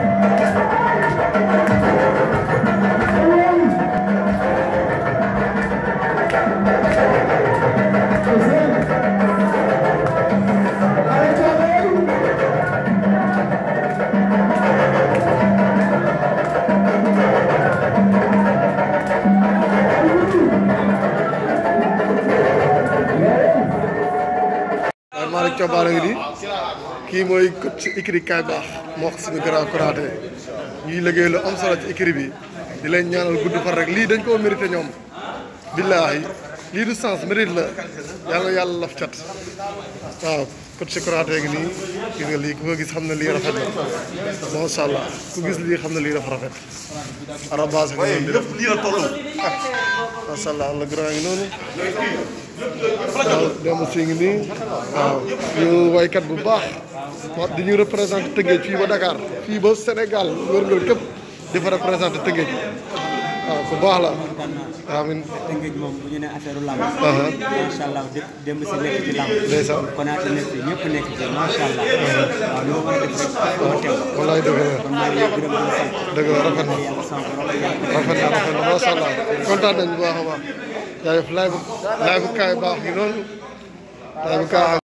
Thank you. Malick Thiaw ngi di kii mooy coach écurie Kaay Baax moo wax suñu grand kuraate ñuy liggéey am solo ci écurie bi di leen ñaanal gudd fan rek lii dañ koo mérité ñoom billaahi lii du sens mérite la yàlla yàlla laf cat waaw coach kuraate gi nii gis nga gis xam na lii rafet la macha ku gis lii xam na lii dafa rafet arabas ak noonu macha allah la grand ngi noonu doomu si ngi nii waaw ñu bu baax wax di ñu représenté Tëngéej fii ba Dakar fii ba Sénégal wërngal képp di fa représenté Tëngéej waaw baax la amiin Tëngéej moom bu ñu ne affaire làmb macha allah a def rek moo teew wallaay dëgg baax a baax jaajëf laay bu laay bu kaay baax gi noonu laay bu kaay